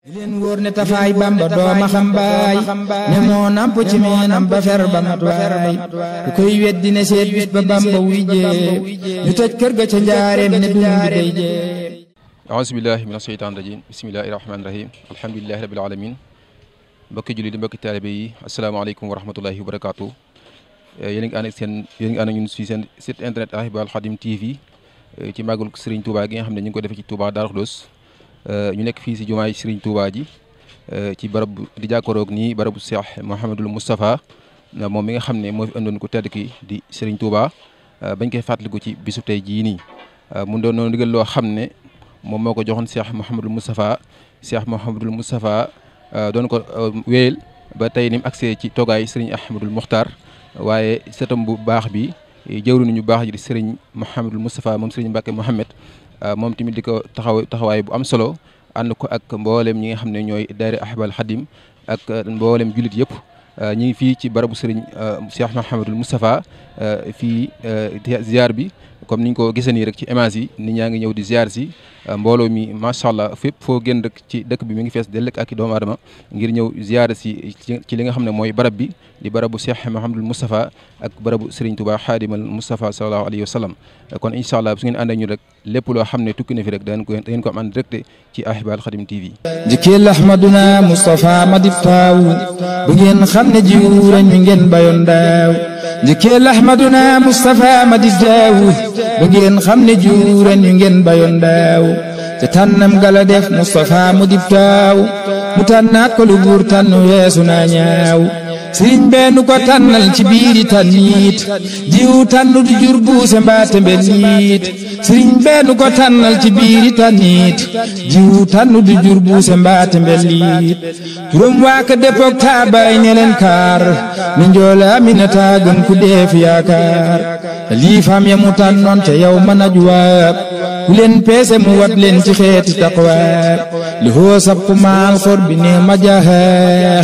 di leen wóor ne tafaay bamba dooma xam ne moo namp ci meenam ba fer ba matwaay ku koy weddi ne ba bamba wuy jéem ñu toj kër ga ca njaareem ne dund day jéem aouzu billahi min asheytaan rajim bismillahi rahmaani rahim alhamdulilahi rabil alamin mbokki julli di mbokki taalibe yi asalaamaaleykum wa rahmatullahi wa barakaatu eh, yéen a ngi ànd ak seen yéen a ngi ànd ak ñun si seen site internet Ahibahil Khadim TV eh, ci màggal Serigne Touba gi nga xam ne ñu ngi ko defee ci Touba Darou Khoudoss Euh, ñu nekk fii si jumaay Serigne Touba ji euh, ci barab di jàkkaroog nii barabu Cheikh Mouhamadul Moustapha euh, moom mi nga xam ne moo fi andoon ko tedd ki di Serigne Touba bañ koy fàttaliku ci bisu tey jii nii mu doon noonu digal loo xam ne moom moo ko joxoon Cheikh Mouhamadul Moustapha Cheikh Mouhamadul Moustapha doon ko wéyal ba tey nim mu ci toogaay Serigne Ahmadul Mokhtar waaye sëtam bu baax bi. Eh, jëwriñu ñu baax ji di sëriñ Mouhamadul Moustapha moom sëriñ Mbacke Mouhamed ah, moom tamit di ko taxaw taxawaay bu am solo ànd ko ak mboolem ñi nga xam ne ñooy daayira Ahbal Khadim ak ah, mboolem jullit yëpp Euh, ñu ngi fii ci barabu sëriñ euh, euh, ko gisee nii rek ci image yi nit ñaa ngi di ziar si mbooloo mi macha allah fépp foo génn rek ci dëkk bi mi ngi fees dell ak i doomu aadama ngir ñëw ziar si ci li nga xam ne mooy barab bi di barabu Cheikh Mouhamadul Moustapha ak barabu sëriñ Touba Xaadimal Moustapha sallallahu alayhi wa sallam kon incha allah su ngeen ànd ak ñu rek lépp loo xam ne tukki fi rek dangeen ko dangeen ko am ànd rek xam ne jiwu ren mi ngeen bayoon daaw njëkkeel ahmaduna Moustapha Madi Diaw ba ngeen xam ne jiwu ren mi ngeen bayoon daaw te tànnam gala def Moustapha mu dib taaw mu tànnaat ko lu buur tànn weesu naa ñaaw. sëriñ bee nu ko tànnal ci biiri tànniit jiwu tànnut jur buuse mbaate mbeniit sëriñ bee nu ko tànnal ci biiri tànniit jiwu tànnut jur buuse mbaate mbeniit juróom waa ka deppook taabaay ne leen kaar nu njoole aminata gën ku deef yaakaar liifam ya mu tànnoon ca yow ma najwaab bu len peese mu wat leen ci xeeti taqwa li huwa sabqu maal xor bi ne majaha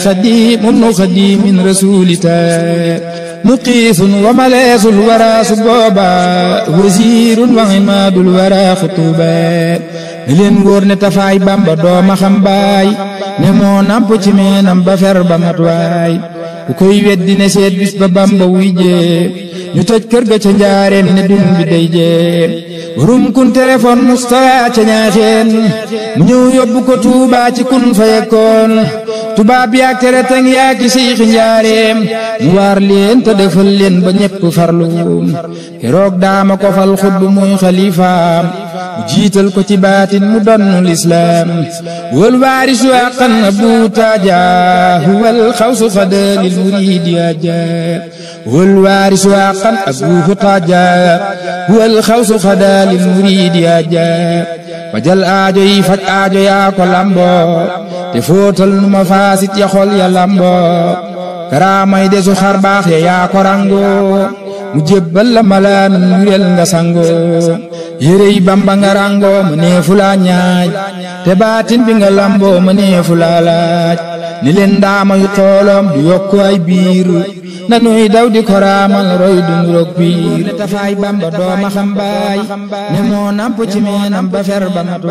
xadim ibnu xadimin rasulita muqiisun wa maleesul wara su booba wasiirun wa imaadul wara xutuuba ne leen góor ne tafaay bamba dooma xam baay ne moo namp ci meenam ba fer ba matwaay ku koy weddi ne seet bis ba bamba wuy jee ñu toj kër ga ca njaareem ne dun bi day jee rum kun téléphone mustawa ca ñaaseen mu ñëw yóbbu ko tuubaa ci kun fa yekkoon tubaab yaag tere tang yaag ci siixi njaareem mu waar leen te defal leen ba ñépp farlu keroog daama ko fal xutbu muy xalifaam jiital ko ci baatin mu donnu lislaam wal waarisu aqan abu taaja huwal xawsu xada lil muridi aja wal waarisu aqan abu taaja huwal xawsu xada lil muridi aja fajal aajo yi faj aajo yaa ko lamboo te fóotal nu ma faasit ya xol ya lamboo karaamay desu xar baax ya yaa mu jébbal la malaanam wéel nga yére yi bamba nga ràngoo mu neefu laa ñaaj te baatin bi nga lamboo mu neefu laa laaj ni leen ndaama yu tooloom du yokku ay biir nanuy daw di ko raamal roy dundu roog biir tafaay bamba dooma xam ne moo namp ci meenam ba fer ba mat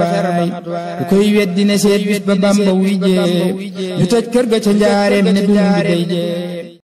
ku koy weddi ne seet bis ba bamba wuy jéeb ñu toj kër ga ca njaareem ne dundu day jéeb